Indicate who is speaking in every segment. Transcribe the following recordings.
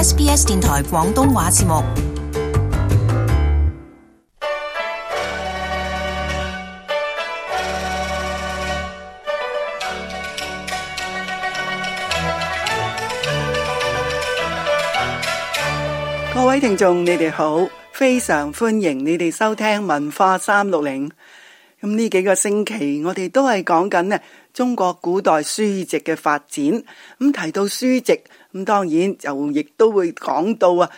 Speaker 1: SBS 電台廣東話節目，各位聽眾，你哋好，非常歡迎你哋收聽文化三六零。咁呢幾個星期，我哋都係講緊咧中國古代書籍嘅發展。咁提到書籍。咁當然就亦都會講到啊，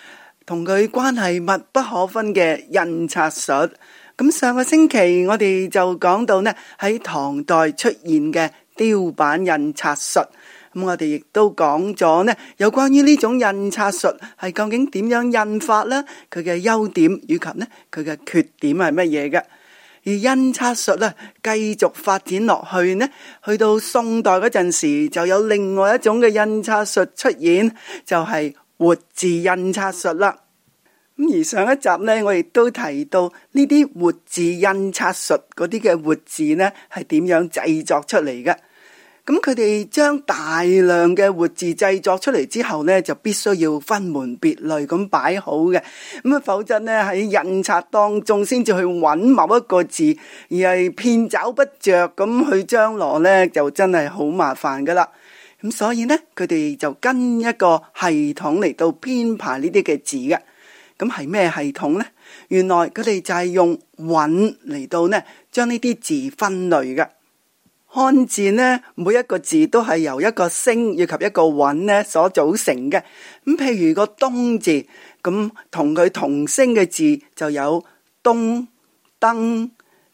Speaker 1: 同佢關係密不可分嘅印刷術。咁上個星期我哋就講到呢，喺唐代出現嘅雕版印刷術。咁我哋亦都講咗呢，有關於呢種印刷術係究竟點樣印法呢？佢嘅優點以及呢，佢嘅缺點係乜嘢嘅。而印刷術啊，繼續發展落去呢，去到宋代嗰陣時，就有另外一種嘅印刷術出現，就係活字印刷術啦。咁而上一集呢，我亦都提到呢啲活字印刷術嗰啲嘅活字呢，係點樣製作出嚟嘅。咁佢哋將大量嘅活字製作出嚟之後呢，就必須要分門別類咁擺好嘅，咁啊否則呢，喺印刷當中先至去揾某一個字，而係遍找不着咁去張羅呢，就真係好麻煩噶啦。咁所以呢，佢哋就跟一個系統嚟到編排呢啲嘅字嘅，咁係咩系統呢？原來佢哋就係用揾嚟到呢，將呢啲字分類嘅。漢字咧，每一個字都係由一個聲以及一個韻咧所組成嘅。咁、嗯、譬如個冬字，咁同佢同聲嘅字就有冬、燈、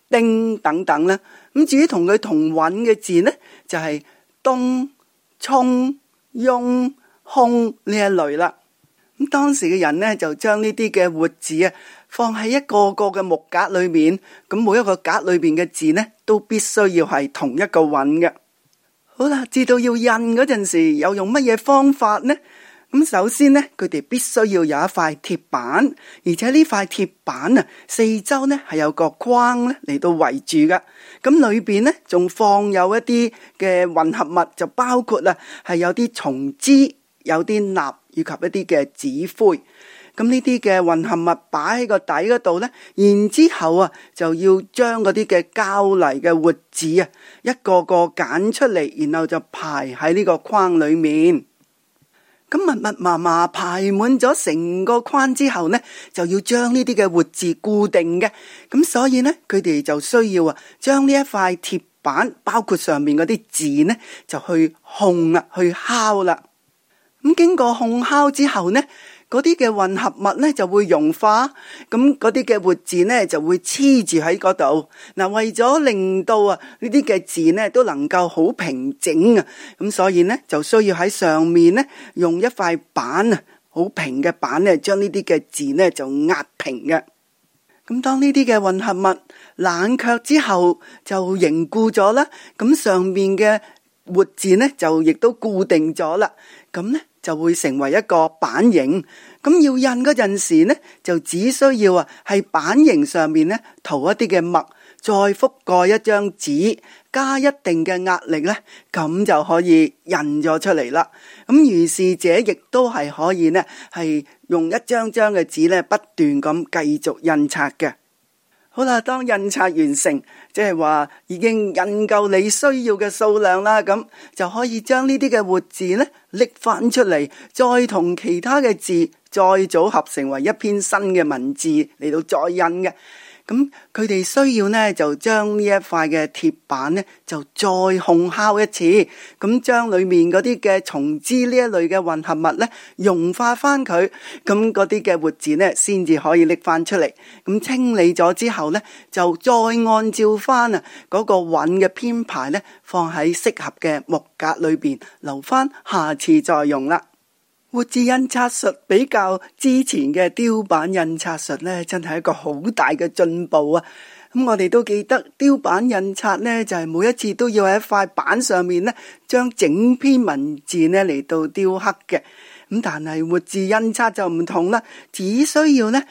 Speaker 1: 丁等等啦。咁、嗯、至於同佢同韻嘅字呢，就係、是、冬、沖、庸、空呢一類啦。咁、嗯、當時嘅人呢，就將呢啲嘅活字啊。放喺一個個嘅木格裏面，咁每一個格裏面嘅字呢，都必須要係同一個韻嘅。好啦，至到要印嗰陣時，又用乜嘢方法呢？咁首先呢，佢哋必須要有一塊鐵板，而且呢塊鐵板啊，四周呢係有個框，咧嚟到圍住嘅。咁裏邊呢仲放有一啲嘅混合物，就包括啦係有啲松脂，有啲蠟以及一啲嘅紙灰。咁呢啲嘅混合物擺喺個底嗰度呢，然之後啊，就要將嗰啲嘅膠泥嘅活字啊，一個個揀出嚟，然後就排喺呢個框裏面。咁密密麻麻排滿咗成個框之後呢，就要將呢啲嘅活字固定嘅。咁所以呢，佢哋就需要啊，將呢一塊鐵板包括上面嗰啲字呢，就去烘啊，去烤啦。咁經過烘烤之後呢。嗰啲嘅混合物咧就會融化，咁嗰啲嘅活字咧就會黐住喺嗰度。嗱，為咗令到啊呢啲嘅字咧都能夠好平整啊，咁所以咧就需要喺上面咧用一塊板啊，好平嘅板咧將呢啲嘅字咧就壓平嘅。咁當呢啲嘅混合物冷卻之後就凝固咗啦，咁上面嘅活字咧就亦都固定咗啦。咁咧，就會成為一個版型，咁要印嗰陣時呢，就只需要啊喺版型上面呢塗一啲嘅墨，再覆蓋一張紙，加一定嘅壓力呢，咁就可以印咗出嚟啦。咁於是者亦都係可以呢係用一張張嘅紙呢不斷咁繼續印刷嘅。好啦，當印刷完成，即係話已經印夠你需要嘅數量啦，咁就可以將呢啲嘅活字呢拎翻出嚟，再同其他嘅字再組合成為一篇新嘅文字嚟到再印嘅。咁佢哋需要呢，就將呢一塊嘅鐵板呢，就再烘烤一次，咁將裏面嗰啲嘅松脂呢一類嘅混合物呢，融化翻佢，咁嗰啲嘅活字呢，先至可以拎翻出嚟。咁清理咗之後呢，就再按照翻啊嗰個韻嘅編排呢，放喺適合嘅木格裏邊，留翻下次再用啦。活字印刷術比較之前嘅雕版印刷術呢，真係一個好大嘅進步啊！咁、嗯、我哋都記得雕版印刷呢，就係、是、每一次都要喺一塊板上面呢，將整篇文字呢嚟到雕刻嘅。咁、嗯、但係活字印刷就唔同啦，只需要呢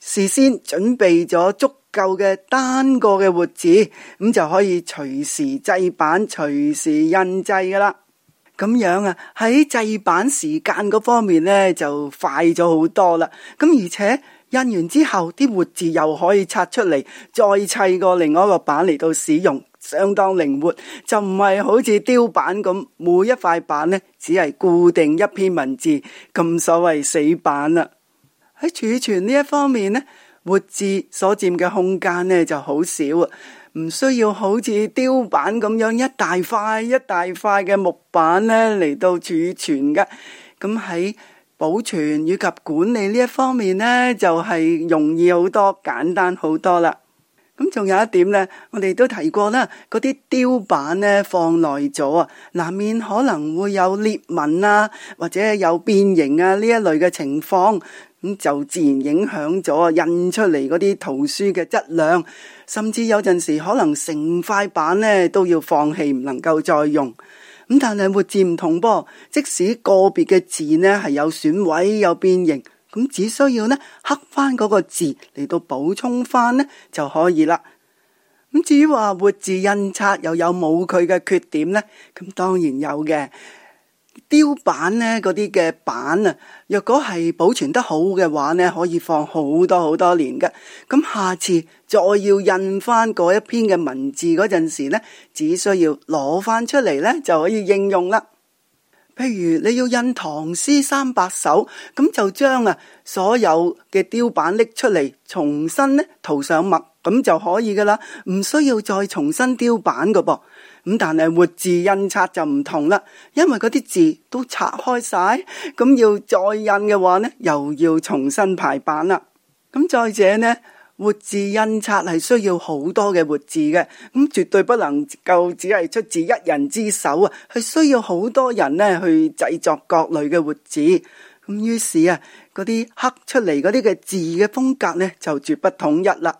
Speaker 1: 事先準備咗足夠嘅單個嘅活字，咁、嗯、就可以隨時製版、隨時印製噶啦。咁樣啊，喺製版時間嗰方面咧就快咗好多啦。咁而且印完之後，啲活字又可以拆出嚟，再砌過另外一個版嚟到使用，相當靈活。就唔係好似雕版咁，每一塊版咧只係固定一篇文字，咁所謂死版啦啊。喺儲存呢一方面咧，活字所佔嘅空間咧就好少。唔需要好似雕板咁樣一大塊一大塊嘅木板咧嚟到儲存嘅，咁喺保存以及管理呢一方面呢，就係容易好多，簡單好多啦。咁仲有一點呢，我哋都提過啦，嗰啲雕板呢放耐咗啊，難免可能會有裂紋啊，或者有變形啊呢一類嘅情況。咁就自然影響咗印出嚟嗰啲圖書嘅質量，甚至有陣時可能成塊板呢都要放棄，唔能夠再用。咁但係活字唔同噃，即使個別嘅字呢係有損毀、有變形，咁只需要呢刻翻嗰個字嚟到補充翻呢就可以啦。咁至於話活字印刷又有冇佢嘅缺點呢？咁當然有嘅。雕版呢嗰啲嘅版啊，若果係保存得好嘅話呢，可以放好多好多年嘅。咁下次再要印翻嗰一篇嘅文字嗰陣時呢，只需要攞翻出嚟呢，就可以應用啦。譬如你要印《唐詩三百首》，咁就將啊所有嘅雕版拎出嚟，重新呢塗上墨，咁就可以噶啦，唔需要再重新雕版噶噃。咁但係活字印刷就唔同啦，因為嗰啲字都拆開晒，咁要再印嘅話呢，又要重新排版啦。咁再者呢，活字印刷係需要好多嘅活字嘅，咁絕對不能夠只係出自一人之手啊，係需要好多人呢去製作各類嘅活字。咁於是啊，嗰啲刻出嚟嗰啲嘅字嘅風格呢，就絕不統一啦。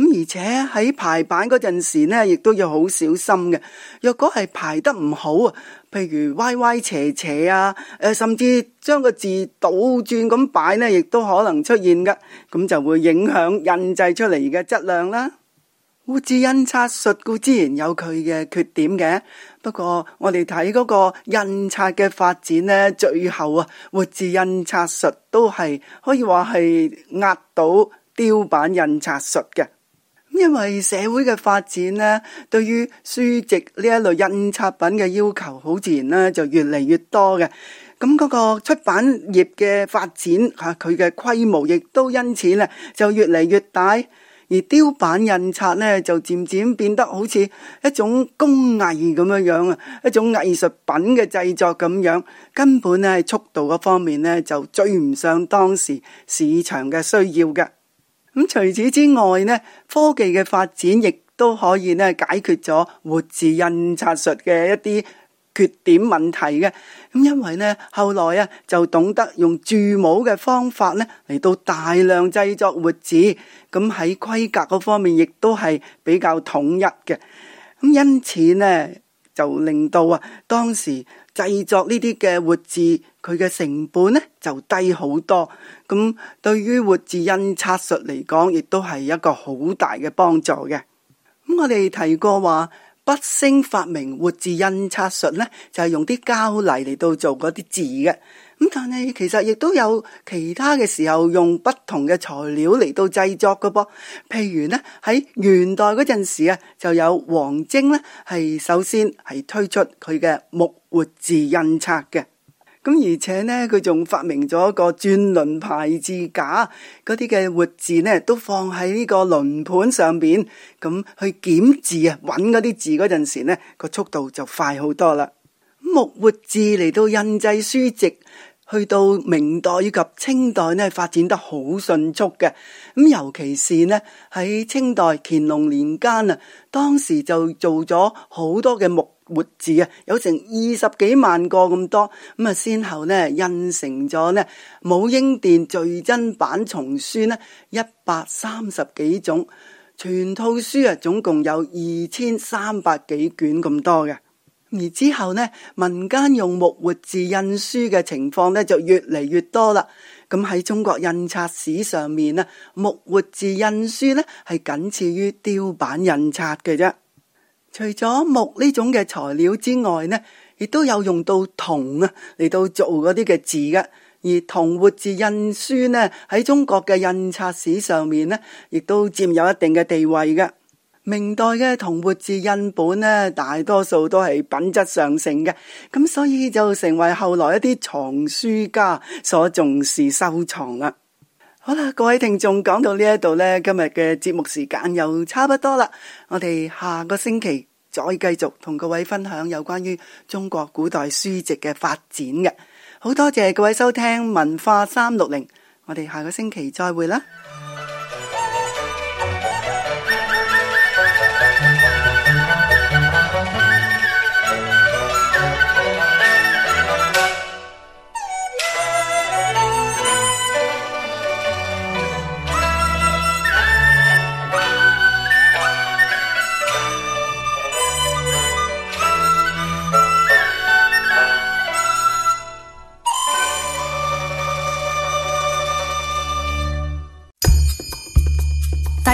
Speaker 1: 而且喺排版嗰陣時呢，亦都要好小心嘅。若果係排得唔好啊，譬如歪歪斜斜啊，誒、呃，甚至將個字倒轉咁擺呢，亦都可能出現嘅。咁就會影響印製出嚟嘅質量啦。活字印刷術固然有佢嘅缺點嘅，不過我哋睇嗰個印刷嘅發展呢，最後啊，活字印刷術都係可以話係壓倒雕版印刷術嘅。因為社會嘅發展呢，對於書籍呢一類印刷品嘅要求，好自然呢就越嚟越多嘅。咁嗰個出版業嘅發展吓，佢、啊、嘅規模亦都因此呢就越嚟越大。而雕版印刷呢，就漸漸變得好似一種工藝咁樣樣啊，一種藝術品嘅製作咁樣，根本呢速度嗰方面呢，就追唔上當時市場嘅需要嘅。咁除此之外呢，科技嘅發展亦都可以呢解決咗活字印刷術嘅一啲缺點問題嘅。咁因為呢，後來啊就懂得用鑄模嘅方法呢嚟到大量製作活字，咁喺規格嗰方面亦都係比較統一嘅。咁因此呢就令到啊當時，製作呢啲嘅活字，佢嘅成本呢就低好多。咁對於活字印刷術嚟講，亦都係一個好大嘅幫助嘅。咁我哋提過話，畢昇發明活字印刷術呢，就係、是、用啲膠泥嚟到做嗰啲字嘅。咁但係其實亦都有其他嘅時候用不同嘅材料嚟到製作嘅噃，譬如呢，喺元代嗰陣時啊，就有王禎呢，係首先係推出佢嘅木活字印刷嘅。咁而且呢，佢仲發明咗一個轉輪排字架，嗰啲嘅活字呢，都放喺呢個輪盤上邊，咁去檢字啊，揾嗰啲字嗰陣時呢，個速度就快好多啦。木活字嚟到印製書籍，去到明代以及清代呢，發展得好迅速嘅。咁尤其是呢，喺清代乾隆年間啊，當時就做咗好多嘅木活字啊，有成二十幾萬個咁多。咁啊，先後呢，印成咗呢《武英殿最珍版叢書》呢，一百三十幾種，全套書啊總共有二千三百幾卷咁多嘅。而之後呢，民間用木活字印書嘅情況呢，就越嚟越多啦。咁喺中國印刷史上面啊，木活字印書呢係僅次於雕版印刷嘅啫。除咗木呢種嘅材料之外呢，亦都有用到銅啊嚟到做嗰啲嘅字嘅。而銅活字印書呢喺中國嘅印刷史上面呢，亦都佔有一定嘅地位嘅。明代嘅銅活字印本呢，大多數都係品質上乘嘅，咁所以就成為後來一啲藏書家所重視收藏啦。好啦，各位聽眾，講到呢一度呢，今日嘅節目時間又差唔多啦，我哋下個星期再繼續同各位分享有關於中國古代書籍嘅發展嘅。好多謝各位收聽文化三六零，我哋下個星期再會啦。